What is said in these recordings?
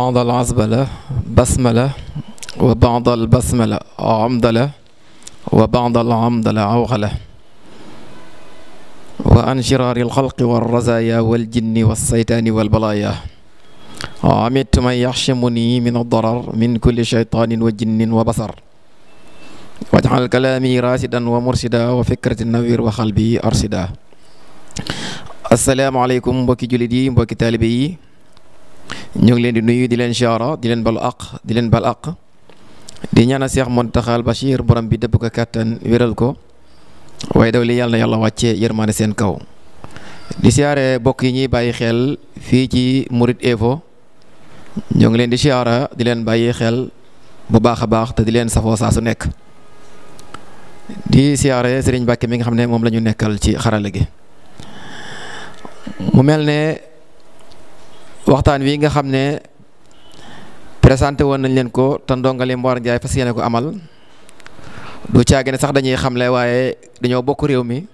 بعض العزبلة بسملة وبعض البسملة عمدلة وبعض العمدلة عوغلة وعن شرار الخلق والرزايا والجن والسيطان والبلايا عمدت من يحشمني من الضرر من كل شيطان وجن وبصر واجعل كلامي راسدا ومرشدا وفكرة النوير وقلبي أرشدا السلام عليكم jullit جلدي mbokki taalibe ñu ngi leen di nuyu di leen ziara di leen balu àq di leen bal àq di ñaanal Seex Muntaxa al Bachir borom bi dëpp ko kàttan wéral ko waaye daw li yàlla yàlla wàccee yërmaane seen kaw di siyaare bokk yi ñuy bàyyi xel fii ci Murid Info ñoo ngi leen di siyaara di leen bàyyi xel bu baax a baax te di leen safoo saa su nekk di siyaare sëriñ Mbacke mi nga xam ne moom lañu nekkal ci xarala gi mu mel ne waxtaan wi nga xam ne présenté woon nañ leen ko te ndongali Mor Ndiaye fas yéene ko amal du caage ne sax dañuy xam xamle waaye dañoo bokk réew mi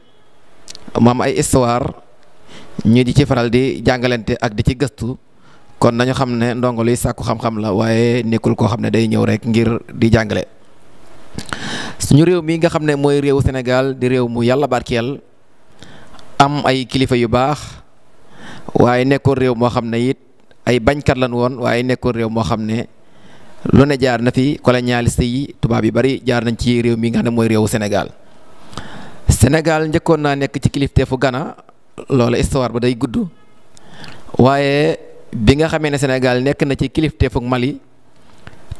mu am ay histoire ñu di ci faral di jàngalante ak di ci gëstu kon nañu xam ne ndongo luy sàkku xam-xam la waaye nekkul koo xam ne day ñëw rek ngir di jàngale. suñu réew mi nga xam ne mooy réewu Sénégal di réew mu yàlla barkeel am ay kilifa yu baax. waaye nekkoon réew moo xam ne it ay bañkat lan woon waaye nekkoon réew moo xam ne lu ne jaar na fi colonialiste yi tubaab yi bari jaar nañ ci réew mi nga xam ne mooy réewu Sénégal Sénégal njëkkoon naa nekk ci kilifteefu Gana loola histoire ba day gudd waaye bi nga xamee ne Sénégal nekk na ci kilifteefu Mali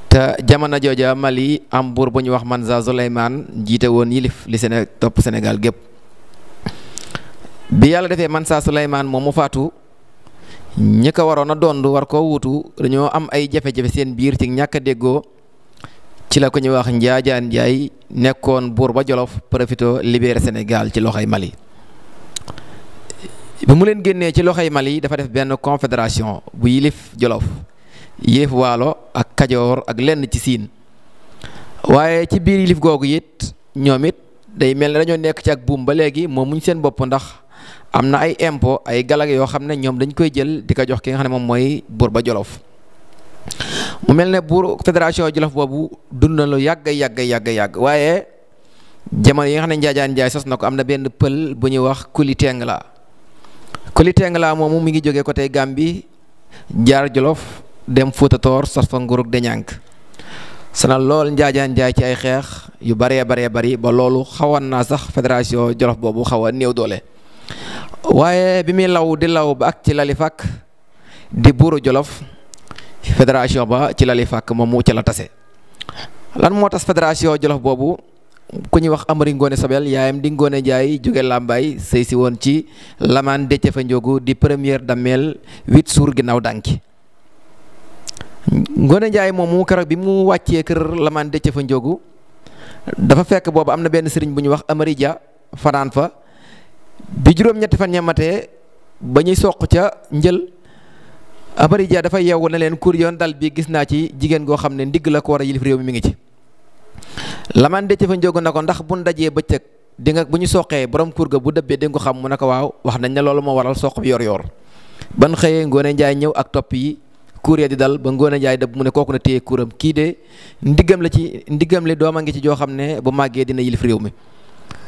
te jamono jooja Mali am buur bu ñu wax Mansa Souleymane jiite woon yilif li Séné topp Sénégal gépp bi yalla defé man sa sulayman momu fatu ñeka warona dondu war ko wutu dañu am ay jafe jafé seen biir ci ñaka déggo ci la ko ñu wax Njaajaan jaay nekkon Jolof profito libéré Sénégal ci loxay Mali. bi mu leen génné ci loxay Mali dafa def ben confédération bu yilif Jolof yef walo ak kadior ak lenn ci sin waye ci biir yilif gogu yit ñomit day mel dañu nekk ci ak ba seen bop ndax. am na ay impôt ay galag yoo xam ne ñoom dañ koy jël di ko jox ki nga xam ne moom mooy buur ba jolof mu mel ne buur fédération jolof boobu dund na lu yàgg yàgg yàgg yàgg waaye jamono yi nga xam ne njaajaan njaay sos na ko am na benn pël bu ñuy wax kuli laa kuli laa moomu mi ngi jógee côté Gàmbi jaar jolof dem Fuuta Toor sos fa de deñànk sana lool njaajaan njaay ci ay xeex yu baree baree bari ba loolu xawoon naa sax fédération jolof boobu xaw a néew doole waye bi mi law di law ba ak ci lalifak di buru jolof federation ba ci lalifak fàkk moom mu ci la tassé lan mo tass federation jolof bobu ku ñi wax Amari ngone sabel yaayam di ngone Jaay jóge lambay sey si won ci lamane de tiefa ndiogu di premier damel 8 sour ginaaw danki ngone Jaay moom mu kër bi mu waccé kër lamane de tiefa ndiogu dafa fekk bobu amna ben serigne bu ñu wax Amari Ja fa bi juróom-ñetti fan ñamatee ba ñu soq ca njël abari dafa yeewu na leen kuur yoon dal bi gis naa ci jigéen goo xam ne ndigg la ko war a yilif réew mi mi ngi ci lamaan de fa njógu na ko ndax bu dajee bëccëg di nga bu ñu soqee borom kur ga bu dëbbee di ko xam mu ne ko waaw wax nañ ne loolu moo waral soq bi yor yor ban xëyee ngoone njaay ñëw ak topp yi kuur ya di dal ba ngoone njaay dëbb mu ne kooku na téye kuuram kii de ndiggam la ci ndiggam li dooma ngi ci joo xam ne bu màggee dina yilif réew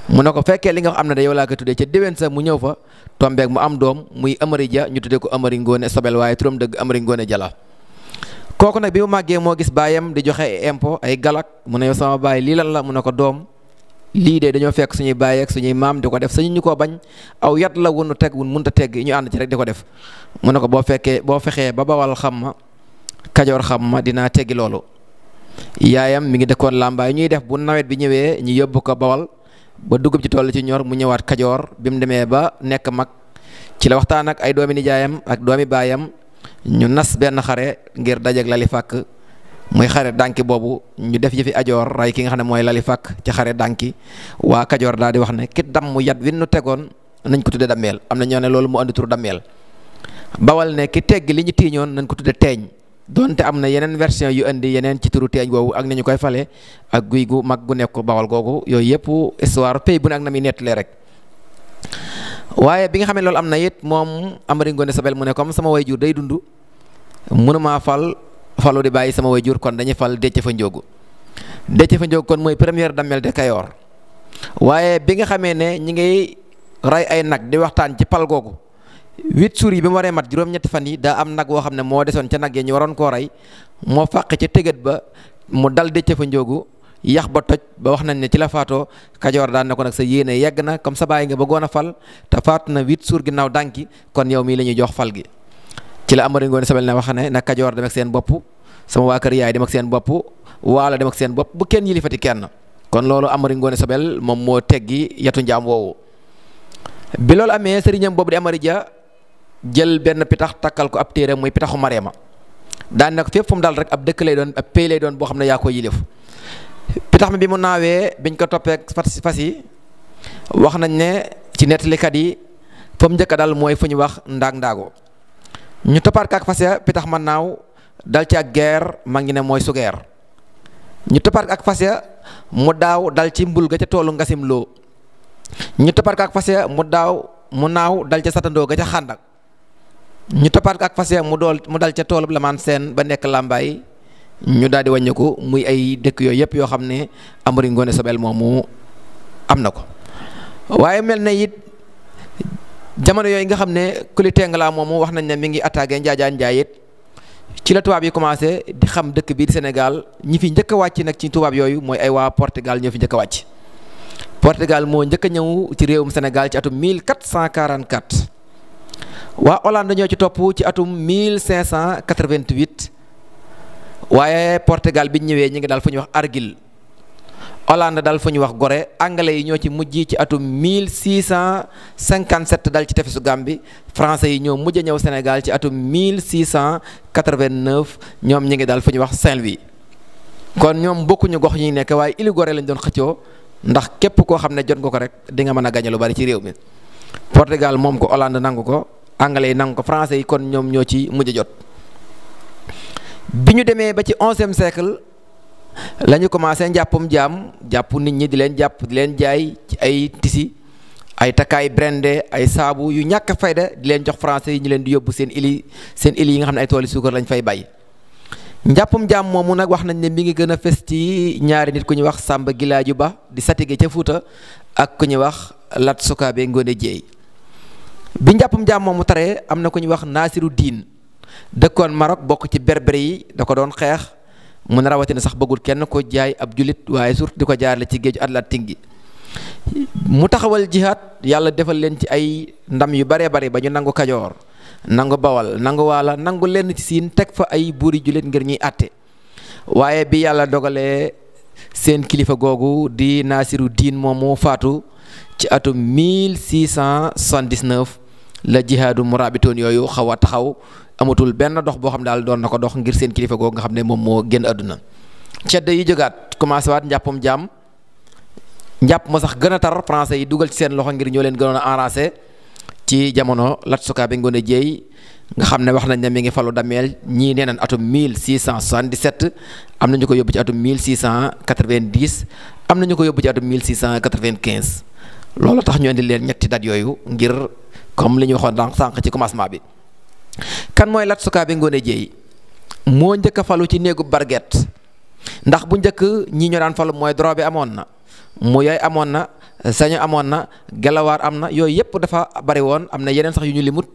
mu ne ko fekkee li nga xamne da yow la ko tudde ci déwén sa mu ñew fa ak mu am dom muy Amari Ja ñu tudde ko Amari ngone Sobel way turum deug Amari ngone Jala koku nak bi mu magge mo gis bayam di joxe impo ay galak mu ne yow sama baay li lan la mu ne ko de dañu fekk suñu baye ak suñu mam diko def suñu ñuko bañ aw yat la wonu teg wun munta tegg ñu and ci rek di def mu ne ko bo fekkee boo fexee ba bawal xam ma kajoor xam ma teggi lolu yaayam mi ngi dekkon lambay ñuy def bu nawet bi ñewé ñu yobbu ko bawal ba dugub ci toll ci ñor mu ñëwaat kajoor bi mu demee ba nekk mag ci la waxtaan ak ay doomi nijaayam ak doomi baayam ñu nas benn xare ngir dajeeg lali fàkk muy xare dànki boobu ñu def fi ajoor ray ki nga xam ne mooy lali fàkk ci xare dànki waa kajoor daal di wax ne ki damm yat wi nu tegoon nañ ko tuddee dammeel am na ñoo ne loolu mu andi tur dammeel bawal ne ki tegg li ñu tiiñoon nañ ko tudde teeñ donte am na yeneen version yu indi yeneen ci turu teeñ woowu ak nañu koy fale ak guy gu mag gu nekk bawal googu yooyu yëpp histoire pays bu ne ak na muy nettalee rek waaye bi nga xamee ne loolu am na it moom Amari Ngoone Sobel mu ne comme sama way jur day dundu munu mënuma fal falu di bàyyi sama way jur kon dañuy fal Déthié Fa Ndiogou Déthié Fa Ndiogou kon mooy première damel de Kayoor waaye bi nga xamee ne ñi ngi rey ay nag di waxtaan ci pal googu huit jours yi bi mo waree mat juroom ñetti fan yi da am nag wo xamne mo moo ci nag ye ya ñu waron ko ray mo faq ci teggat ba mu dal ci fa njóogu yah ba toj ba wax nañ ne ci la daan na sa yene yegg na comme sa nga bëggoon fal ta faatu na huit jours ginnaaw kon yow mi lañu jox fal gi ci la amari ngone sabel ne wax ne nag kajoor dem ak seen bop sama wa kër yaay dem ak seen bop waala dem ak seen bop bu kenn yilifati kenn kon lolu amari ngone sobel mom mo teggi yatu jam wowo bi loolu amé serignam di amari ja jël benn pitax takal ko ab téré moy pitaxu maryama daan nak fepp fum dal rek ab dekk lay don ab pay lay don bo xamna ya ko yilef pitax mi bi mu nawé biñ ko topé fas fas yi wax nañ né ci kat yi fum jëk dal moy fu wax ndaag ndago ñu topar kak ya, pitax man naw dal ci ak guerre ma ngi moy su guerre ñu topar kak ya, mu daw dal ci mbul ga ca tolu ngasim lo ñu topar kak ya, mu daw mu naw dal ci satando ga ca xandak ñu topat ak fasé ya, mu dool mu dal ca la man sen ba nek lambay ñu daldi di muy ay dekk yoy yep yo xamné ne ngone Ngoone Sobel momu am ko waaye jamono yoy nga xamné Kuli Tengala momu wax nañ ne mi ngi attaqué Njaajaan Njaay ci la tubaab yi commencé di xam dekk bi Sénégal ñi fi ñëk wacc nak ci yoy moy ay wa Portugal ñi fi ñëk wacc Portugal mo ñëk a ñëw ci réewum Sénégal ci atum 1444. waa Hollande ñoo ci topp ci atum 1588 waaye Portugal bi ñëwee ñu ngi daal fu ñuy wax Argyle Hollande daal fu ñuy wax gore anglais yi ñoo ci mujj ci atum 1657 dal ci tefesu Gàmbi français yi ñoo mujj a ñëw Sénégal ci atum 1689 ñoom ñu ngi daal fu ñuy wax Saint-Louis kon ñoom bokkuñu gox yi ñu nekk waaye ili gore lañ doon xëccoo ndax képp koo xam ne jot nga ko rek di nga mën a lu bari ci réew mi. Portugal moom ko Hollande nangu ko anglais yi nangu ko français yi kon ñoom ñoo ci mujj jot bi ñu demee ba ci onzième siècle la ñu commencé njàppum jaam jàpp nit ñi di leen jàpp di leen jaay ci ay tisi ay takkaay brende ay saabu yu ñàkk fayda di leen jox français yi ñu leen di yóbbu seen ili seen ili yi nga xam ne ay tooli suukar lañ fay bay njàppum jaam moomu nag wax nañ ne mi ngi gën a fes ci ñaari nit ku ñuy wax sàmba Gilaaju Ba di satige ca Fuuta ak ku ñuy wax Lat Sukaabe Ngoone Jeey bi njàppam jaam mu taree am na ku ñu wax naasiru diin dëkkoon Maroc bokk ci berbere yi da ko doon xeex mu ne rawatina sax bëggul kenn ko jaay ab jullit waaye surtout di ko jaarale ci géeju Atlantique gi mu taxawal jihaad yàlla defal leen ci ay ndam yu baree bari ba ñu nangu kajoor nangu bawal nangu waala nangu lenn ci siin teg fa ay buuri jullit ngir ñuy àtte waaye bi yàlla dogalee seen kilifa googu di naasiru diin moomu faatu ci atum 1679 la jihadu murabitoon yoyu xawa taxaw amatul benn dox bo xam dal doon nako ko dox ngir seen kilifa googu nga xamne mom mo genn aduna àdduna cedda yi jogat commencé wat njapum jam njap mo sax gëna tar français yi dugal ci seen loxo ngir ñoo leen gënoon ci jamono Lat Sukaabe ngone jey nga xamne wax nañ ne mi ngi falu damel ñi nenañ atum 1677 amna nañu ko ci atum 1690 amna nañu ko ci atum 1695 lolu tax ñu andi leen ñetti dat yoyu ngir. comme li ñu waxoon dànq sànq ci commencement bi kan mooy Lat Sukaabe Ngoone Jeey moo njëkk falu ci néegu barget ndax bu njëkk ñi ñu daan falu mooy drobe amoon na mu yooy amoon na sañu amoon na gelawaar am na yooyu yëpp dafa bari woon am na yeneen sax yu ñu limut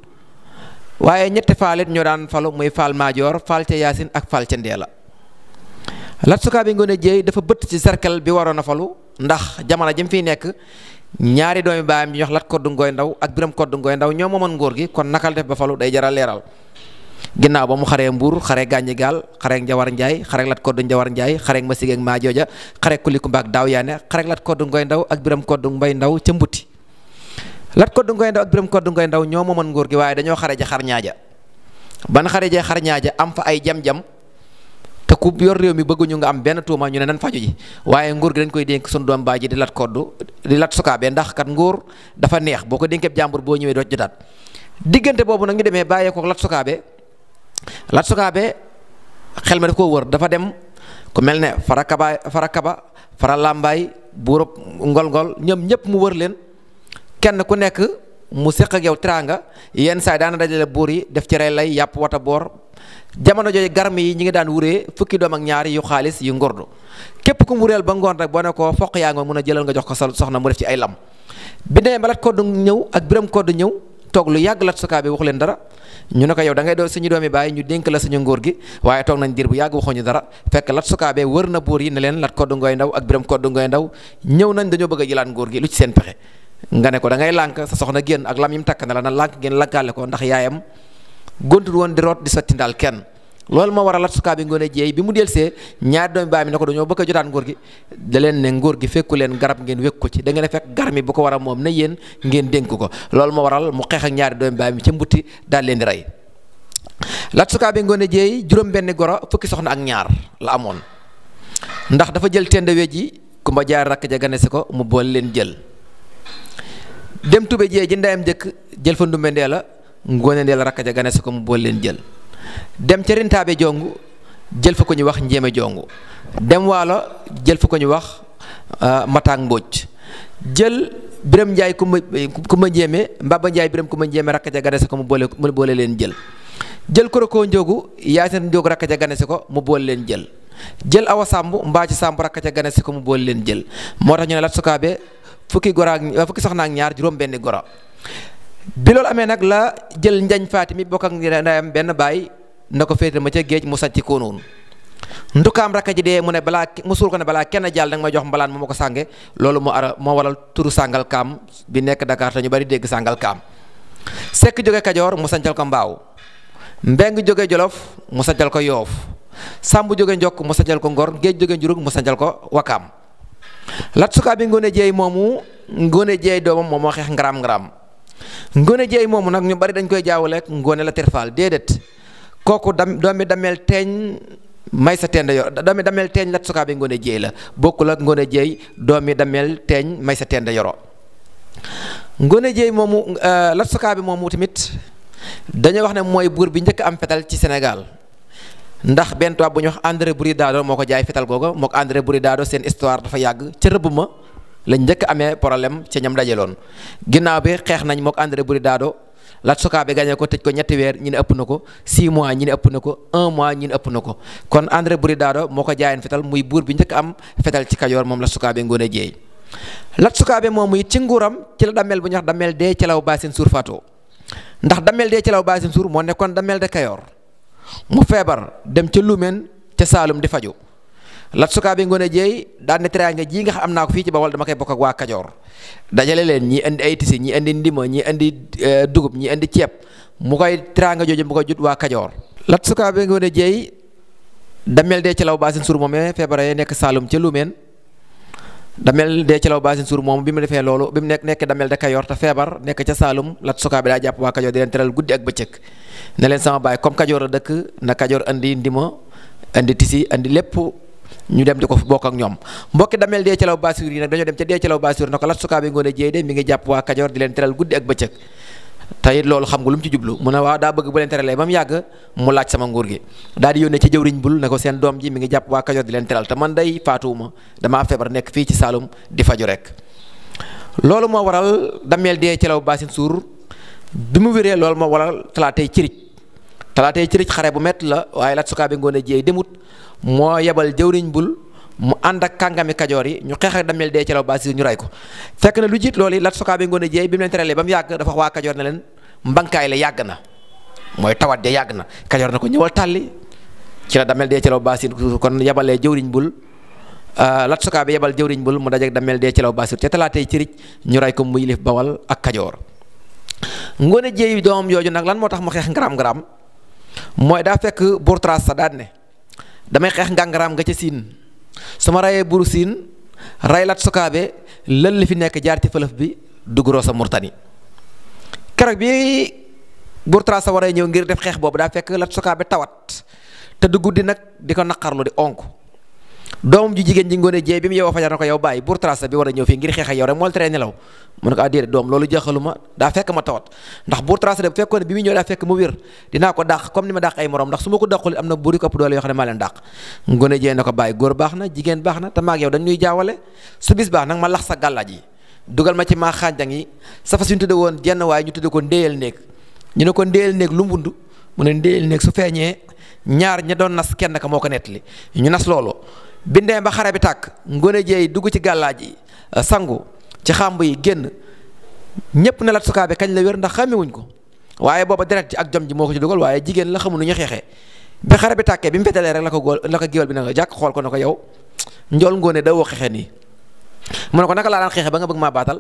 waaye ñetti faalit ñoo daan falu muy faal maajoor faal ca yaasin ak faal ca ndeela Lat Sukaabe Ngoone Jeey dafa bëtt ci cercle bi waroon a falu ndax jamono jim mu fiy nekk ñaari doomi baayam yi ñu wax Lat Koddu Ngoy Ndaw ak Biram Koddu Ngoy Ndaw ñoo moomoon nguur gi kon nakal def ba falu day jaral leeral ginnaaw ba mu xaree mbuur xaree gàññi gaal xaree njawar njaay xaree lat koddu njawar njaay xaree masig ak maa jooja xaree kulikumba ak daaw yaane xaree lat koddu ngoy ndaw ak biram koddu mbay ndaw ca mbuti lat koddu ngoy ndaw ak biram koddu ngoy ndaw ñoo moomoon nguur gi waaye dañoo xare ja xar ñaaja ban xare ja xar ñaaja am fa ay jam-jam ku yor rew mi ñu nga am ben tuuma ñu ne nan faju ji waye nguur gi dañ koy denk sunu doom baaji di lat koddu di lat be ndax kat nguur dafa neex boko ko jambur bo boo do doo jotaat diggante ñu démé ko lat be lat be xel ma ko wër dafa dem ku melne ne farakaba faralambay buru ngol-ngol ñom ñep mu wër leen kenn ku nekk mu sekk ak yow tranga yeen saay daana dajale buri def ci ray lay yap wata bor jamono jooju garmi yi ñu ngi daan wuree fukki doom ak ñaari yu xaalis yu ngordu képp ku mu wureel ba ngoon rek boo ne ko foq yaa nga mun a jëlal nga jox ko sa soxna mu def ci ay lam bi demee ba ñëw ak biram ñëw toog lu yàgg lat sukaa bi waxu leen dara ñu ne ko yow da ngay doon suñu doomi ñu dénk la suñu ngóor gi waaye toog nañ diir bu yàgg waxuñu dara fekk lat sukaa bee wër na buur yi ne leen lat kodd ngooy ndaw ak biram kodd ngooy ndaw ñëw nañ dañoo bëgg a jëlaat gi lu ci seen pexe nga ne ko da ngay lànk soxna génn ak lam yi mu takk na la na lànk ngeen lànkaale ko ndax yaayam gontul woon di root di sotti ndaal kenn loolu moo waral Lat Sukaabe Ngoone Jeey bi mu delsee ñaari doomi baay mi ne ko dañoo bëgg a jotaan nguur gi da leen ne nguur gi fekku leen garab ngeen wékk ko ci da a fekk garab mi bu ko war a moom na yéen ngeen dénk ko loolu moo waral mu xeex ak ñaari doomi baay mi ca mbutti daal leen di rey Lat Sukaabe bi Ngoone Jeey juróom benn goro fukki soxna ak ñaar la amoon ndax dafa jël tendewe ji kumba jaar rakk ja ganesi ko mu boole leen jël dem tube ji ndeyam jëkk jël fa ndumbe ndee la ngooneen yàlla rakka ja gane ko mu bool leen jël dem ca rintaabe jongu jël fa ko ñu wax njéeme jongu dem waalo jël fa ko ñu wax euh, mataak mbóoj jël biram njaay ku ma ku ma njéeme mbaba njaay biram ku ma njéeme rakka ja gane ko mu boole mu boole leen jël jël korokoo njóogu yaasin njóogu rakka ja gane si ko mu boole leen jël jël awa sàmb mbaa ci sàmb rakka ca gane ko mu boole leen jël moo tax ñu ne lat sukaabe fukki gora ak fukki soxna ñaar juróom benni bi lol amé nak la jël njañ fatimi bok ak ndayam ben bay nako ko ma ca géej mu satti ko non ndukam rakka ji mu ne bala musul ko ne bala kenn jàll nag ma jox mbalan mu sangé lolou mo ara mo waral turu sangal kam bi nek Dakar te ñu bari dégg sangal kam sekk jóge kadior mu santal ko mbaw mbeng jolof mu santal ko yoof sambu jóge ndok mu santal ko ngor géej jóge njurug mu santal ko wakam lat sukaa bi ngone jey momu ngone jey domam momo xex ngone jeey moomu nag ñu bari dañ koy jaawaleek ngone la terfaal déedéet kooku dam doomi dameel teeñ may sa tend yor doomi teeñ lat sukaabe ngone jeey la bokkul ak ngone jeey doomi dameel teeñ may sa tend yoro ngone jeey moomu euh, lat sukaabe moomu tamit dañu wax ne mooy buur bi njëkk am fetal ci Sénégal ndax benn tubaab bu ñuy wax André Boury Dado moo ko jaay fetal googa moo ko André Boury Dado seen histoire dafa yàgg ca rëbb ma lañu njëkk amee problème ca ñam dajaloon ginnaaw bi xeex nañ mook André Buri Daado Lat Sukaabe gagné ko tëj ko ñetti weer ñi ne ëpp na ko 6 mois ñi ne ëpp na ko 1 mois ñi ne ëpp na ko kon André Buri Daado moo ko jaayaan fetal muy buur bi njëkk am fetal ci Kajoor moom Lat ngoon a Jeey Lat Sukaabe moomu it ci nguuram ci la damel bu ñuy wax damel dee celaw baasin suur faatoo ndax damel dee celaw baasin suur moo nekkoon damel de Kajoor mu feebar dem ca Luumeen ca Saalum di faju Lat Suka bi Ngoné Dieye daan ne teraanga ji nga xam am naa ko fii ci Bawol dama koy bokk ak waa Kajoor dajale leen ñi indi ay tisi ñi indi ndima ñii indi eh, dugub ñi indi ceeb mu koy teraanga jooju mu koy jut waa Kajoor. Lat Suka bi Ngoné Dieye damel dee ci law baasin suur moomee feebaree nekk Saalum ca Luumeen damel dee ci law baasin suur moom bi mu defee loolu bi mu nekk nekk damel da Kajoor te feebar nekk ca Saalum Lat Suka bi daa jàpp waa Kajoor di leen teral guddi ak bëccëg ne leen sama baay comme Kajoor la dëkk na Kajoor indi ndima indi tisi indi lépp ñu dem di ko bokk ak ñoom mbokki damel dee calaw basur yi nag dañoo dem ca dee calaw basur na ko lat sukaa ngoone jéey de mi ngi jàpp waa kajoor di leen teral loolu xam nga lu mu ci jublu mu ne waaw daa bëgg bu leen teralee ba mu yàgg mu laaj sama nguur gi daal di yónnee ci jëwriñ bul ne ko seen doom ji mi ngi jàpp waa kajoor di leen teral te man day faatuwuma damaa feebar nekk fii ci saalum di faju rek loolu moo waral dameel dee calaw baasin suur bi mu wéree loolu moo waral talaatay cirij talaatee ci rëcc xare bu métti la waaye Lat Sukaabe Ngoone Jeey demut moo yebal jëwriñ bul mu ànd ak kàngami kajoor yi ñu xeex ak damel dee ci law baasi ñu ray ko fekk na lu jiit loolu Lat Sukaabe Ngoone Jeey bi mu leen teralee ba yàgg dafa wax waa leen mbankaay la yàgg na mooy tawat de yàgg na kajoor na ko ñëwal tàlli ci la damel dee ci law baasi kon yebalee jëwriñ bul euh, Lat Sukaabe yebal jëwriñ bul mu dajeek damel dee ci law baasi ca ci rëcc ñu ray ko mu yilif bawal ak kajoor Ngoone Jeey doomam yooyu nag lan moo tax mu xeex ngaram ngaram mooy daa fekk buur Trace sa daan damay xeex ngàngaraam nga ca siin su ma rayee buur siin ray lat sukaabe lël li fi nekk jaar ci fëlëf bi dugguroo sa murtani keroog bi buur Trace sa waree ñëw ngir def xeex boobu daa fekk lat sukaabe tawat te du guddi nag di ko naqarlu di onk dom ju jigen ji ngone je bi mu yow fajar nako yow bay bur tracé bi wara ñew fi ngir xeex yow rek mool traine law mu nako adir dom lolu loolu da daa fekk ma tawat ndax bur tracé bu fekkone bi mu ñew da fekk mu wir dina ko dakh comme ni ma dàq ay morom ndax su ma ko dàqul am na ko ëpp doole yoo xam ne maa leen dàq ngoone jeey na ko bàyyi góor baax na yow dañ ñuy jaawale su bis bax nak ma lax sa dugal ma ci ma xànjang sa safa suñu tudde won jenn way ñu tudde ko ndeyel nek ñu ne ko ndeyel nek lu mu ne ndeyel nek su feñe ñaar ñi doon nas kenn ka moko netli ñu nas lolu bindee ba xare bi tàkk ngone jeey dugg ci gàllaaj yi euh, sangu ci xàmb yi génn ñépp ne Lat Sukaabe kañ la wér ndax xàmmewuñ ko waaye booba deret ji ak jom ji moo ko ci dugal waaye jigéen la xamu nu ñu xeexee bi xare bi tàkkee bi mu fetalee rek la ko góol la ko géwél bi na nga jàkk xool ko na ko yow njool ngoone daw woo ni mu ne ko naka la daan xeexe ba nga bëgg maa baatal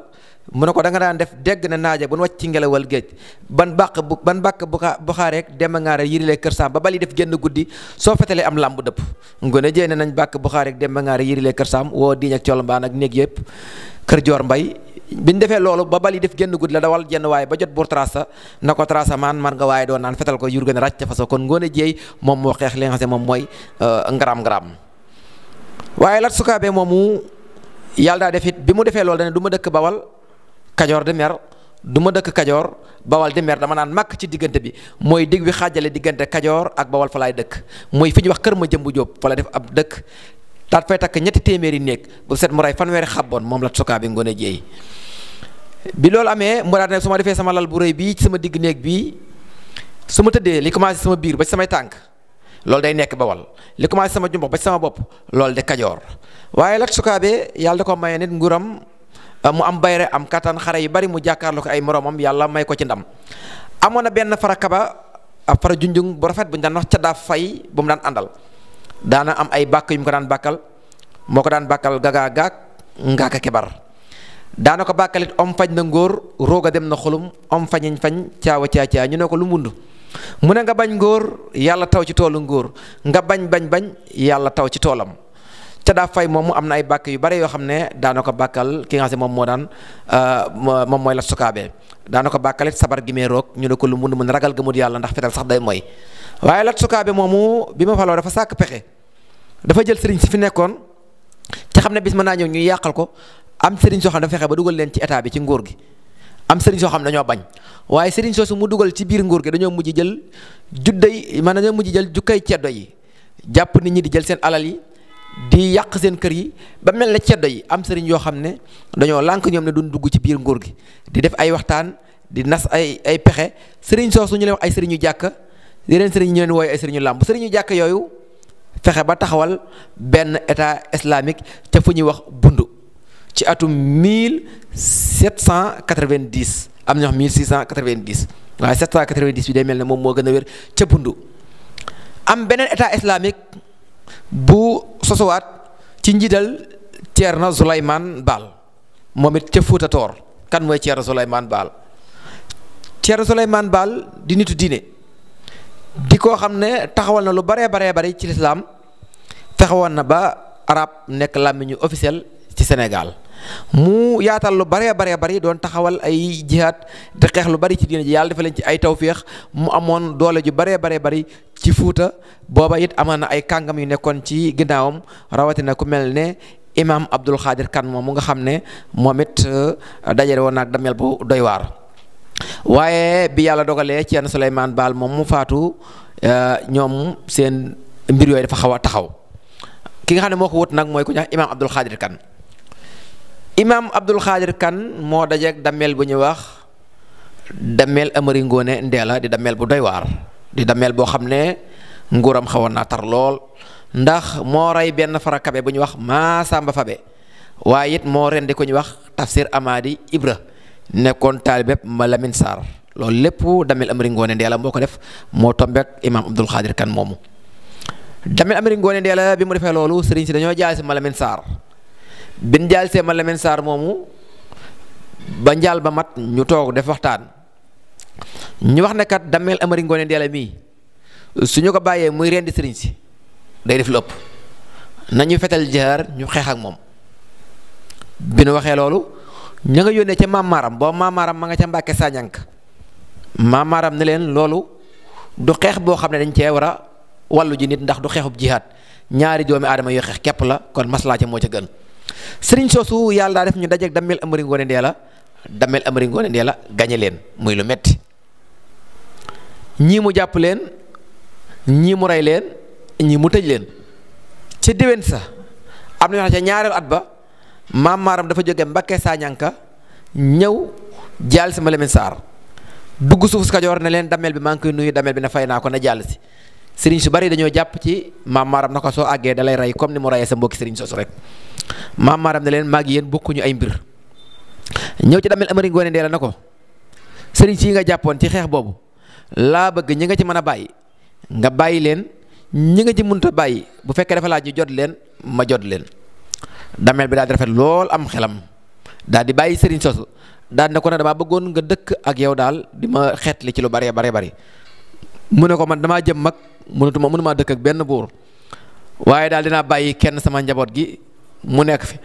mu ne ko da nga daan def dégg na naaje bu nu wàcc ci ngelawal géej ban bàq bu ban bàq bu buxaareek dem ngaare yirile kër saam ba bali def génn guddi soo fetalee am làmb dëpp ngone jëy ne nañ bàq buxaareek dem ngaare yirilee kër saam woo diñ ak colombaan ak néeg yëpp kër joor mbay biñ defee loolu ba bali def génn guddi la dawal jenn waaye ba jot bour trasa na trasa man man nga waaye doon naan fetal ko yur gën a ràcc fa so kon ngone jëy moom moo xeex li nga xam moom mooy euh, ngaram waaye lat moomu yàlla daa def it bi mu defee lool dane duma dëkk bawal kajoor di mer du ma dëkk kajoor bawal di mer dama naan màkk ci diggante bi mooy dig wi xaajale diggante kajoor ak bawal fa laay dëkk mooy fi ñu wax kër ma jëmbu jóob fa la def ab dëkk daat fay takk ñetti téeméeri néeg bu set mu rey fanweeri xabboon moom la sukaa bi ngone jeey bi loolu amee mu daat ne su ma defee sama lal bu rëy bii ci sama digg néeg bi su ma tëddee li commencé sama biir ba ci samay tànk Lol day ke bawal li commencé sama jumbo ba sama bop lol de kadior waye lak Sukaabe yàlla da ko maye nit nguram euh, mu am bayre am katan xare yu bari mu jakarlo ko ay moromam yalla may ko ci ndam amona ben farakaba fara fara junjung bu rafet bu wax ca da fay bu mu am ay bàkk yu mu ko dan bakal nggak kekebar. bakal gaga gak gaag ngaaka kebar dana ko bakalit om fagn na ngor roga dem na om fagn fagn ñu ne ko lu mundu mu ne nga bañ ngóor yàlla taw ci toolu ngóor nga bañ bañ bañ yàlla taw ci toolam ca daa fay moom mu am na ay bàkk yu bare yoo xam ne daana ko bàkkal ki nga xam ne moom moo daan uh, moom mooy la sukaabe daana ko bàkkalit sabar gi mee roog ñu ne ko lu mun mun ragal gëmut yàlla ndax fetal sax day mooy waaye lat sukaabe moomu bi ma faloo dafa sàkk pexe dafa jël sëriñ si fi nekkoon ca xam ne bis mën naa ñëw ñu yàqal ko am sëriñ soo xam ne dafa fexe ba dugal leen ci état bi ci nguur gi am sëriñ soo xam ne dañoo bañ waaye sëriñ soosu mu dugal ci biir nguur gi dañoo mujj jël judday man dañoo mujj jël jukkay ceddo yi jàpp nit ñu di jël seen alal yi di yàq seen kër yi ba mel ne ceddo yi am sëriñ yoo xam ne dañoo lànk ñoom ne duñ dugg ci biir nguur gi di def ay waxtaan di nas ay ay pexe sëriñ soosu ñu leen wax ay sëriñu jàkk yeneen sëriñ ñu leen wooye ay sëriñu làmb sëriñu jàkk yooyu fexe ba taxawal benn état islamique ca fu ñuy wax ci atum 1790 am na ñoo xam 1690 waaye 790 bi day mel ne moom moo gën a wér ca Bundu am beneen état islamique bu sosowaat ci njiital Ceerno Souleymane Baal moom it ca Fuuta kan mooy Ceerno Souleymane Baal Ceerno Souleymane Baal di nitu diine di koo xam ne taxawal na lu baree baree bari ci lislaam taxawoon na ba arab nekk làmmiñu officiel ci Sénégal mu yaatal lu bare bare bari doon taxawal ay jihad de xex lu bari ci diine ji yalla defal ci ay tawfiq mu amone doole ju bare bare bari ci fouta boba yit amana ay kangam yu nekkon ci rawati na ku melne ne Abdul Khadir Kan mo mu nga xamne ne moom won euh, dajale damel bu doy war waye bi yalla dogale ci an Souleymane bal mom mu fatu euh, ñom sen mbir yoy dafa xawa taxaw ki nga xamne moko imam wut nak moy ku ñax Abdul Khadir Kan Imam Abdul khadir Kan mo dajeeg damel bu ñu wax damel Amari ngone ndela di damel bu doy war di damel bo xam nguram nguuram xawoon tar lol ndax mo ray ben fara kabe bu ñu wax samba Fabe waye it mo rendi ko ñu wax Tafsir amadi Ibra nekontalbe malaminsar, ma lepu sar lol lepp damel Amari ngone ndela moko def mo tombe imam Abdul khadir Kan momu damel Amari ngone ndela bi mu defee lolou serigne ci dañu jaay sar bin se ma Lamine sar momu ba njaal ba mat ñu tok def waxtaan ñu wax ne kat damel Amari ngone Ndeela mi suñu ko baye muy rendi serigne ci day def lopp nañu fetal jaar ñu xex ak mom bin waxe lolu loolu ña nga yónnee ca mamaram ma nga ci Mbàkke Sañank mamaram ne len lolu du xex bo xamne dañ ci wara walu ji nit ndax du xexub jihad ñaari doomi adama yoo xex kep la kon masla ci mo ci gën sëriñ soosu yàlla daa def ñu dajeeg dammel amari ngoone ndee la dammel amari ngoone ndee la gañe leen muy lu metti ñii mu jàpp leen ñii mu rey leen ñii mu tëj leen ca déwén sa am na ñoo ca ñaareelu at ba maam maaram dafa jóge Mbakke Saañanka ñëw jaal si ma Lamin Saar dugg suuf si Kajoor ne leen dameel bi maa ngi koy nuyu dameel bi na fay naa ko na jàll si Sering su bari dañu japp ci mamaram maaram na ko soo àggee da comme ni mo raye sa mbokki sëriñ soosu rek maam maaram ne leen maag yéen ay mbir ñew ci damel amari ngone ndela nako serigne ci nga jappon ci xex bobu la bëgg ñi nga ci mëna bayyi nga bayyi len ñi nga ci mënta bayyi bu dafa laaj ñu jot len ma jot len damel bi da rafet lool am xelam dal di bayyi serigne soosu daal ne ko ne damaa bëggoon nga dëkk ak yow dal di ma li ci lu bari bari bari mu ne ko man dama jëm mak munu ma dekk ak benn bour waaye daal dina bàyyi kenn sama njaboot gi mu nekk fi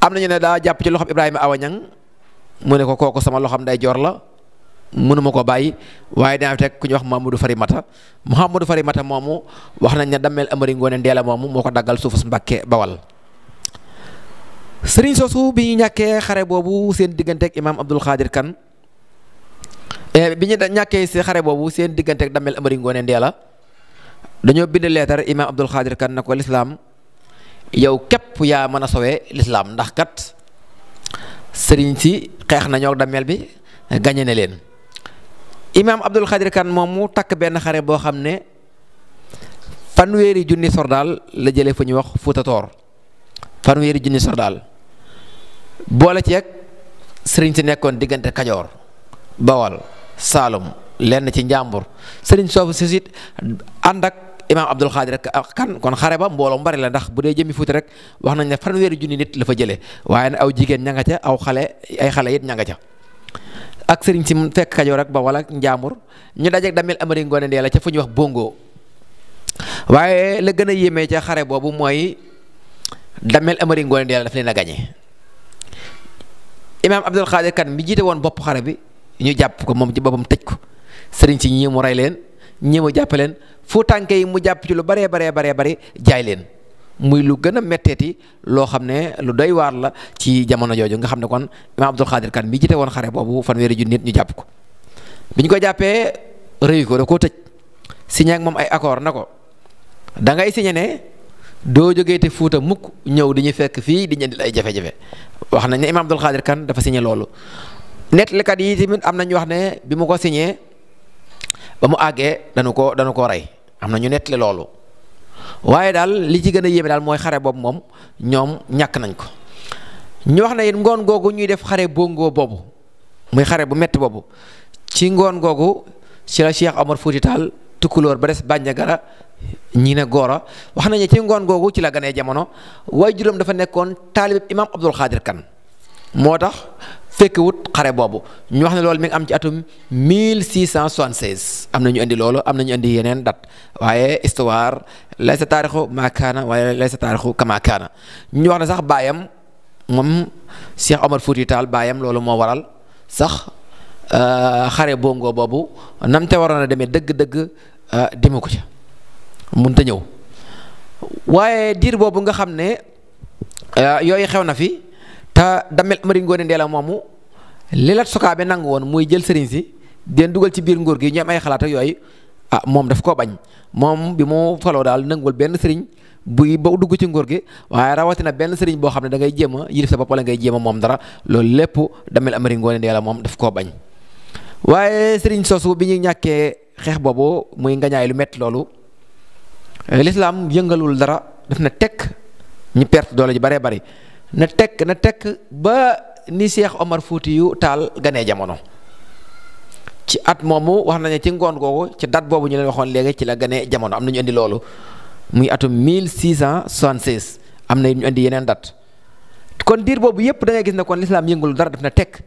am ñu ne daa jàpp ci loxoom Ibrahima awañang mu ne ko kooku sama loxam day jor la mënuma ko bàyyi waaye da fi teg ku ñu wax Mamadou Farimata Mouhamadou Farimata moomu wax nañ ne dammel Amari ngone Ndeela moomu moo ko daggal suufus Mbàkke Bawal Sering sosu bi ñu ñàkkee xare boobu seen ak imam Abdul khadir Kan eh biñu ñàkkee si xare boobu seen damel dammel Amari ngone Ndeela dañu bind lettre Imam Abdul Khadir kan na Islam, yau yow kep ya mën Islam l'islam ndax kat serigne ci xex nañu ak damel bi gagné na len imam Abdul Khadir kan moom mu takk benn xare boo xam ne fanweeri junni la jëlee fuñu ñuy wax Fuuta Toor fanweeri sordal sordaal ci ak serigne ci nekkon digënté kadior Bawal salum lenn ci njambur serigne sofu sisit andak imaam Abdul Xaadir kan kon xare ba mbooloo mu bari la ndax bu dee jëmmi Fuuta rek wax nañ ne fanweeri junni nit la fa jëlee waaye nag aw jigéen ña nga ca aw xale ay xale yit ña nga ca ak sëriñ si mu fekk Kajoor rek ba wala Njaambur ñu dajeeg damel Amari Ngoone Ndeela ca fu ñu wax Bongo waaye la gën a yéeme ca xare boobu mooy damel Amari Ngoone Ndeela daf leen a gañe imaam Abdul Xaadir kan mi jiite woon bopp xare bi ñu jàpp ko moom ci boppam tëj ko sëriñ si ñi mu jàpp leen tanke yi mu japp ci lu bare bare bare bare jaay leen muy lu gëna metteti lo xamne lu doy war la ci jamono jojo nga xamne kon imam Abdul khadir Kan mi jité won xare fan fanweeri ju nit ñu japp ko biñ ko jappé reuy ko da ko tej signé ak mom ay accord nako da ngay signé né do jogé té fouta mukk ñew di ñu fekk fi di ñu ay jafé jafé wax nañ ne Abdul khadir Kan dafa signé Net nettalikat yi tamit amna ñu wax ne bi ko signé ba mu àggee danu ko danu ko rey am na ñu nettali loolu waaye daal li ci gën a yéeme daal mooy xare boobu moom ñoom ñàkk nañ ko ñu wax ne it ngoon googu ñuy def xare bongo boobu muy xare bu metti boobu ci ngoon googu ci la Cheikh Omar Fouti Tall tukkulóor ba des Bandiagara ñii ne Gora wax nañu ci ngoon googu ci la ganee jamono waaye juróom dafa nekkoon taalib imaam Abdul Xaadir Kan moo tax fekkewut xare boobu ñu wax ne loolu mi ngi am ci atum 1676 am na ñu indi loolu am na ñu indi yeneen date waaye histoire sa taarixu maa kaana waaye laysa taarixu kamaa kaana ñu wax ne sax baayam moom Cheikh Omar Fouti Tall baayam loolu moo waral sax euh, xare bongo boobu nam te waroon a demee dëgg-dëgg euh, demu ko ca mënut a ñëw waaye diir boobu nga xam ne euh, yooyu xew na fi. ta damel amari ngone ndela momu li lat be nang won muy jël si den dugal ci bir ngor gi ñam ay xalaat ak yoy ah mom daf ko bañ mom bi mu faloo daal nangul ben sëriñ buy ba dugg ci ngor gi waye rawati na ben boo bo xamne da ngay jema yir sa bop la ngay jema mom dara lol lepp damel amari ngone ndela mom daf ko bañ waye sëriñ sosu bi ñi ñaké xex bobo muy ngañaay lu met lolou eh, l'islam yëngalul dara daf na tek ñi perte doole ji bare bari na tekk na tekk ba ni Seex Omar Fuutiyu Taal ganee jamono ci at moomu wax nañu ci ngoon googu ci date boobu ñu leen waxoon léegi ci la ganee jamono am na ñu indi loolu muy atum 1676 am na ñu indi yeneen dat kon diir boobu yépp da gis ne kon lislaam yëngul dara def na tekk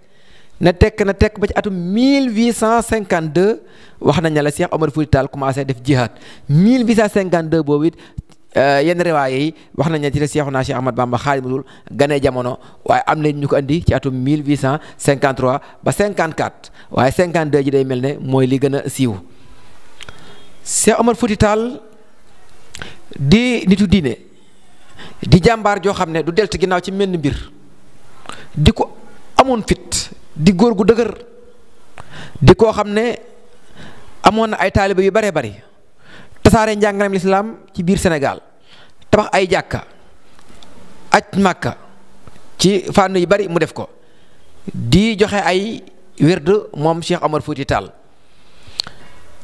na tekk na tekk ba ci atum 1852 wax nañ ne la Cheikh Omar Fouti Tall commencé def jihaad 1852 boobu it Euh, yenn riwaaye yi wax nañ ne ci la Seexuna Seex Ahmad Bamba Xaadimul ganee jamono waaye am nañ ñu ko indi ci atum 1853 ba 54 waaye 52 ji day mel ne mooy li gën a siiw Seex Omar Fuuti Taal di nitu diine di jàmbaar joo xam ne du delt ginnaaw ci menn mbir di ko amoon fit di góor gu dëgër di koo xam ne amoon na ay taaliba yu bare bari tasare njàngaleem l'islam ci bir senegal tabax ay jakka aj makka ci fànn yu bari mu def ko di joxe ay wird mom Cheikh Omar Fouti tal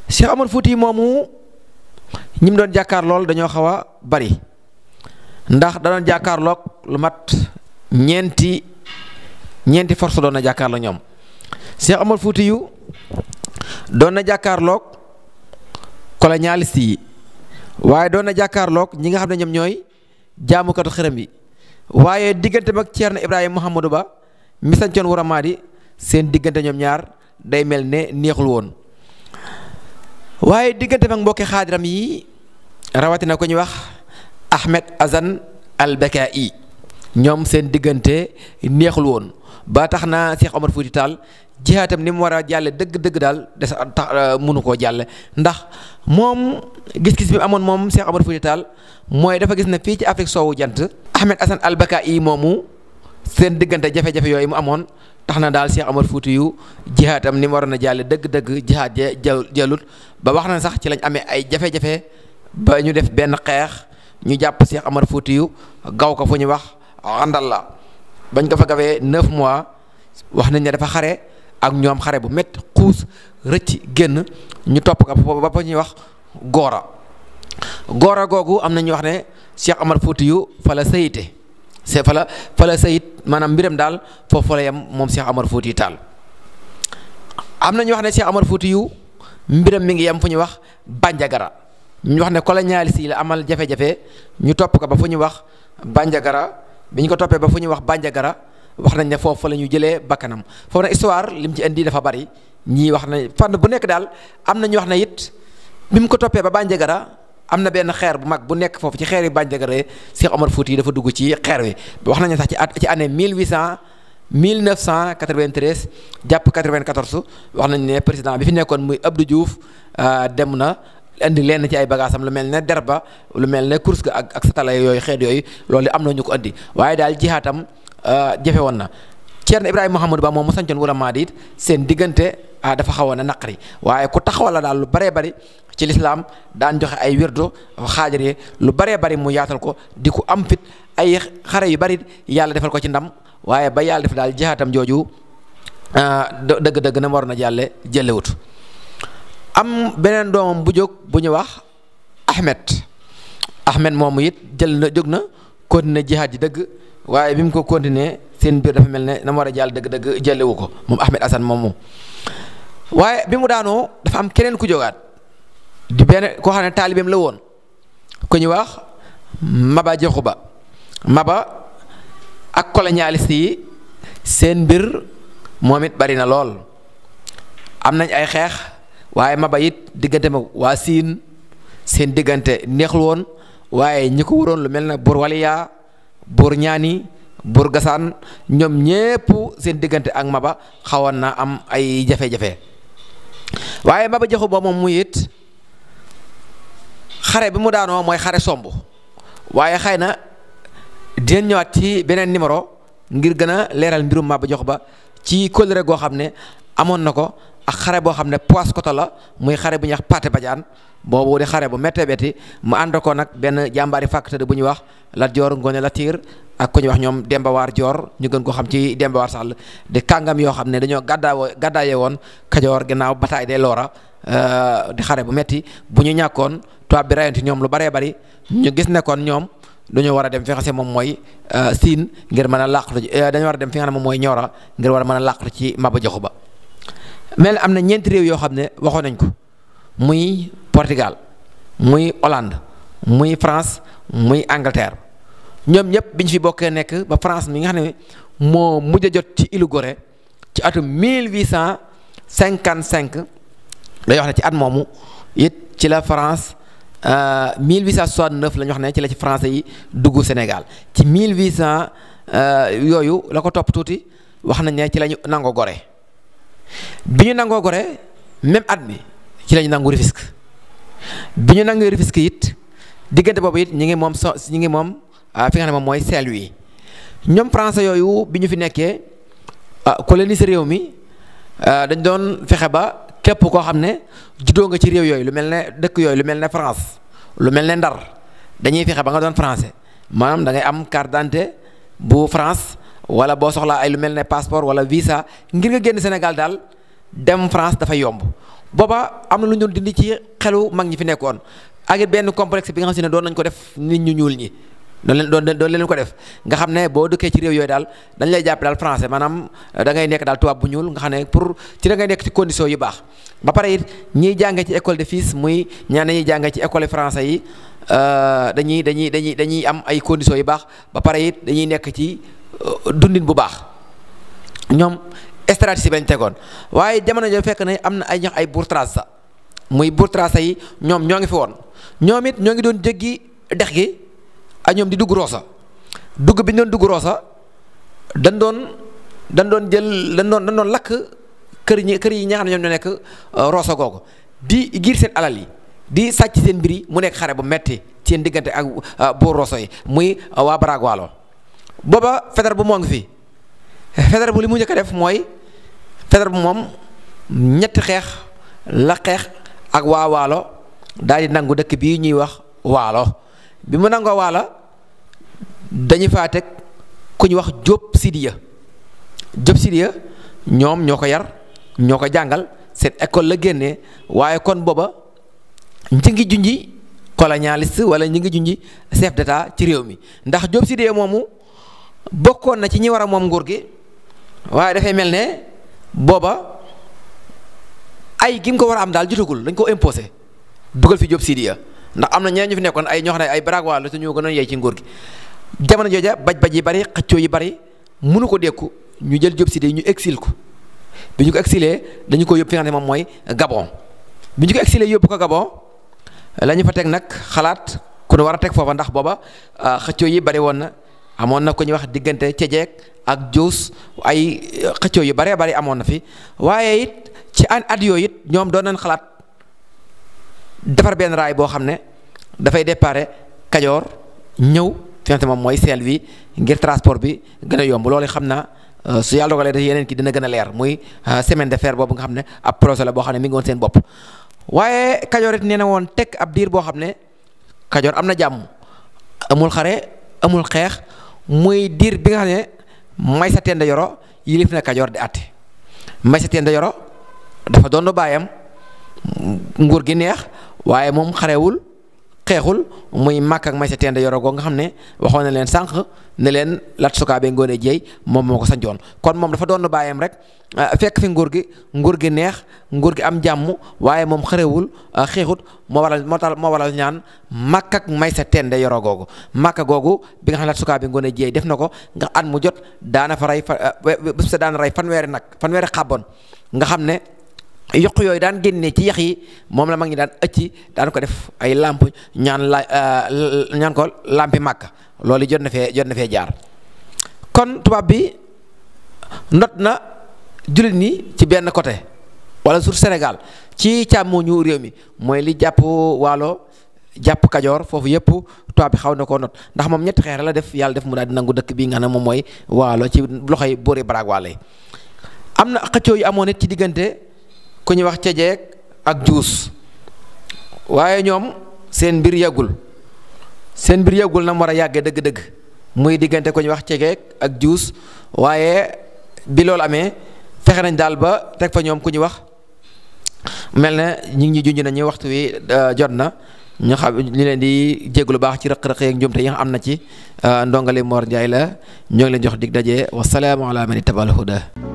Cheikh Omar Fouti momu ñim doon jakar lol dañu xawa bari ndax da doon lok lu mat ñenti ñenti force doona jakar la ñom Cheikh Omar Fouti yu doona jakar lok colonialiste yi waaye doon na jàkkaarloog ñi nga xam ne ñoom ñooy jaamukatu xërëm bi waaye diggante mag na ibrahim Mouhamadou Ba mi sancoon Wuramaadi seen diggante ñoom ñaar day mel ne neexul woon waaye diggante mag mbokki xaadiram yi rawatina ko ñuy wax Ahmed Azan al Bekaa yi ñoom seen diggante neexul woon ba tax na Cheikh Omar Fouti taal jihaatam ni mu war a jàlle dëgg-dëgg daal des tax euh, mënu koo jàlle ndax moom gis-gis bi amoon moom Cheikh Omar Fouti taal mooy dafa gis ne fii ci Afrique soowu jant Ahmed Assane Albaka yi moomu seen diggante jafe-jafe yooyu mu amoon tax na daal Cheikh Omar Fouti yu jihaatam ni mu waroon a jàlle dëgg-dëgg jihaat jëlut ba wax na sax ci lañ amee ay jafe-jafe ba ñu def benn xeex ñu jàpp Cheikh Omar Fouti yu gaw ko fu ñu wax àndal bañ ko fa gawee neuf mois wax nañ ne dafa xare ak ñoom xare bu métti xuus rëcc génn ñu topp ko ba ba ñuy wax Gora Gora googu am na ñu wax ne Cheikh Amar Foutiyou fa la sayite c'est fa la fa maanaam mbiram daal foofu la moom Cheikh Amar Foutiyou Tall am na ñu wax ne Cheikh Amar Foutiyou mbiram mi ngi yem fu ñuy wax Bandiagara ñu wax ne colonialiste yi la amal jafe-jafe ñu topp ko ba fu ñuy wax Bandiagara. bi ñu ko toppee ba fu ñuy wax Bandiagara wax nañ ne foofu la ñu jëlee bakkanam foofu nag histoire lim ci indi dafa bari ñii wax nañ fànn bu nekk daal am na ñu wax na it bi mu ko toppee ba Bandiagara am na benn xeer bu mag bu nekk foofu ci xeer yi Bandiagara Cheikh Omar Fouti dafa dugg ci xeer wi wax nañ sax ci at ci année 1800 1993 jàpp 94 wax nañ ne président bi fi nekkoon muy Abdou Diouf euh, dem na. indi lenn ci ay bagaasam lu mel ne derba lu mel ne course ga ak ak satala yooyu xeet yooyu loolu am na ñu ko indi waaye daal jihaatam euh, jafe woon na Ceerno Ibrahima Mouhamadou Ba moom mu sancoon wala maa diit seen diggante ah dafa xawoon a naqari waaye ku tax la daal lu bëree bari ci lislaam daan joxe ay wirdo xaajaree lu bëree bari mu yaatal ko di ko am fit ay xare yu bari yàlla defal ko ci ndam waaye ba yàlla def daal jihaatam jooju euh, dëgg-dëgg na mu waroon a jàlle jëlewut am beneen doomam bu jóg bu ñu wax Ahmed Ahmed moomu it jël na jóg na continuer jihaad ji dëgg waaye bi mu ko continuer seen mbir dafa mel ne na mu war a jàll dëgg-dëgg jëlewu ko moom Ahmed Assane moomu waaye bi mu daanoo dafa am keneen ku jógaat di benn koo xam ne taalibeem la woon ku ñu wax Maba Jaxu Ba Maba ak colonialiste yi seen mbir moom it bari na lool am nañ ay xeex. waaye maba it diggante mag waa siin seen diggante neexul woon waaye ñi ko wuroon lu mel na buur waliyaa buur ñaani buur gasaan ñoom ñépp seen diggante ak maba xawoon na am ay jafe-jafe waaye maba jaxu ba moom mu it xare bi mu daanoo mooy xare somb waaye xëy na dinañ ñëwaat ci beneen numéro ngir gën a leeral mbirum maba jox ba ci kóllëre goo xam ne amoon na ko ak xare bo xamne ne ko koto la muy xare bu ñax paté badian bobu xare bu méttee beti mu andako nak ben benn fakta de bu ñuy wax jor ngone la tir ak ku ñuy wax ñom Demba War jor ñu gën ko xam ci Demba War Sall de kangam yo xamne dañu dañoo gàddaawoo gàddaayee woon Kajoor bataay de euh di xare bu metti bu ñu ñàkkoon bi rayante ñom lu bare bari ñu gis ne kon ñom dañu wara dem fi xasse mom moy mooy sin ngir mëna laq dañu wara dem fi nga mom moy ñora ngir wara mëna laq ci euh, mabba joxuba mel am na ñeenti réew yoo xam ne waxoo nañ ko muy Portugal muy oland muy France muy Angleterre ñoom ñëpp bi ñu fi bokkee nekk ba France mi nga xam ne moo mujj a jot ci ilu Gorée ci atum 1855 la wax ne ci at moomu it ci la France 1869 euh, la ñu wax ne ci la ci français yi dugg Sénégal ci 1800 euh, yooyu la ko topp tuuti wax nañ ne ci la nango gore bi ñu nangoo Gorée même at mi ci lañu nangu Rufisque bi ñu nangee Rufisque it diggante boobu it ñi ngi moom so ñi ngi moom ah, fi nga xam ne moom mooy Saint-Louis ñoom français yooyu bi ñu fi nekkee ah, coloniser réew mi ah, dañ doon fexe ba képp koo xam ne juddoo nga ci réew yooyu lu mel ne dëkk yooyu lu mel ne France lu mel ne Ndar dañuy fexe ba nga doon français maanaam dangay am carte d'identité bu France wala bo soxla ay lu melne passeport wala visa ngir nga génn senegal dal, dem France dafa yomb boba amna na lu ñu doon dindi ci xelu mag ñi fi nekkon ak ben complexe bi nga xamne doon nañ ko def nit ñu ñuul ñi. do len do doon ko def nga xamne ne duké ci rew yoy dal dañ lay japp dal français manam eh, da ngay nekk dal tubaab bu ñuul nga xamne pour ci da ngay nekk ci condition yu bax ba pare it ñi jàngé ci école de fils muy ñaan ñi jàngé ci école français yi eh, dañuy dañuy dañuy dañuy am ay condition yu bax ba pare it dañuy nekk ci. dundin bu baax ñoom stratégie bañ tegoon waaye jamono ja fekk na am na ay ñox ay bourtrasa muy bourtrasa yi ñoom ñoo ngi fi woon ñoom it ñoo ngi doon jéggi dex gi ak ñoom di dugg roosa dugg bi ñu doon dugg roosa dañ doon dañ doon jël dañ doon dañ lakk kër ñi kër yi ñi nga xam ñoom ñoo nekk euh, roosa googu di giir seen alal yi di sàcc seen mbir yi mu nekk xare bu metti seen diggante ak euh, boor roosa yi muy euh, waa Barag booba feder bu moo ngi fi feder bu li mu njëkk def mooy feder bu moom ñetti xeex la xeex ak waa waalo daal di nangu dëkk bii ñuy wax waalo bi mu nangoo waalo dañuy fa teg ku ñu wax Jóob Sidiya Jóob Sidiya ñoom ñoo ko yar ñoo ko jàngal seen école la génnee waaye kon booba ñi ngi junji colonialiste wala ñi ngi junji chef d'état ci réew mi ndax Jóob Sidiya moomu bokkoon na ci ñi war a moom nguur gi waaye dafay mel ne booba ay gi ko war a am daal jotagul dañ ko imposé dugal fi Jóob Sidiya ndax am na ñeneen ñu fi nekkoon ay ñoo xam ne ay braguois la te ñu gënoon yey ci nguur gi jamono jooja baj baj yi bari xëccoo yi bari mënu ko dékku ñu jël Jóob Sidiya ñu egsil ko bi ñu ko exilee dañu ko yóbbu fi nga moom mooy Gabon bu ñu ko exilee yóbbu ko Gabon la fa teg nag xalaat ku war a teg foofa ndax booba ah, xëccoo yi bari woon na amoon na ko ñuy wax diggante cejeek ak juus ay euh, xëccoo yu baree bari amoon na fi waaye it ci an at yooyu it ñoom doon nañ xalaat defar benn raay boo xam ne dafay dépare Kajoor ñëw fi moom mooy seel wi ngir transport bi gën a yomb loolu xam na euh, su yàlla dogalee daf yeneen ki dina gën a leer muy euh, semaine de fer boobu nga xam ne ab projet la boo xam ne mi ngi woon seen bopp waaye Kajoor it nee na woon teg ab diir boo xam ne Kajoor am na jàmm amul xare amul xeex muy diir bi nga xam ne may sa tend yoro yilif na kajoor di àtte may sa tend yoro dafa doon baayam nguur gi neex waaye moom xarewul xeexul muy màkk ak may sa tend yorogoo nga xam ne waxoon na leen sànq ne leen Lat Sukaabe Ngoone Jeey moom moo ko sa sanjoon kon moom dafa doon bàyyam rek euh, fekk fi nguur gi nguur gi neex nguur gi am jàmm waaye moom xërewul euh, xeexut moo waral moo tax moo waral ñaan màkk ak may sa tend yorogoogu màkk googu bi nga xam ne Lat Sukaabe Ngoone Jeey def na ko nga at mu jot daana fa rey fa euh, bés sa daana rey fanweeri nag fanweeri xàbboon nga xam ne yokk yooyu daan génnee ci yax yi moom la mag ñi daan ëcci daan ko def ay làmp ñaan la euh, ñaan ko làmpi màkk loolu jot na fee jot na jaar kon tubaab bi not na jullit ñi ci benn côté wala sur Sénégal ci càmmooñu réew mi mooy li jàpp waalo jàpp kajoor foofu yëpp tubaab bi xaw na koo not ndax moom ñetti xeer la def yàlla def mu daa di nangu dëkk bi nga xam ne moom mooy waalo ci loxoy boori baraag waale am na xëccoo yu amoon it ci diggante. ku ñu wax cejeek ak juus waye ñom seen bir yagul seen bir yagul na mu yagge deug deug muy diggante ku ñu wax cejeek ak juus waye bi lol amé fexe nañ dal ba tek fa ñom ku ñu wax mel ñi ñi juñu ñuy nañu waxtu wi euh, jotna ñu xam ñu leen di jéglu baax ci rek rëq yeeg njumte yi nga ci euh, ndongalé Mor ndjay la ñoo leen jox dig wa wasalaamu ala man tabal huda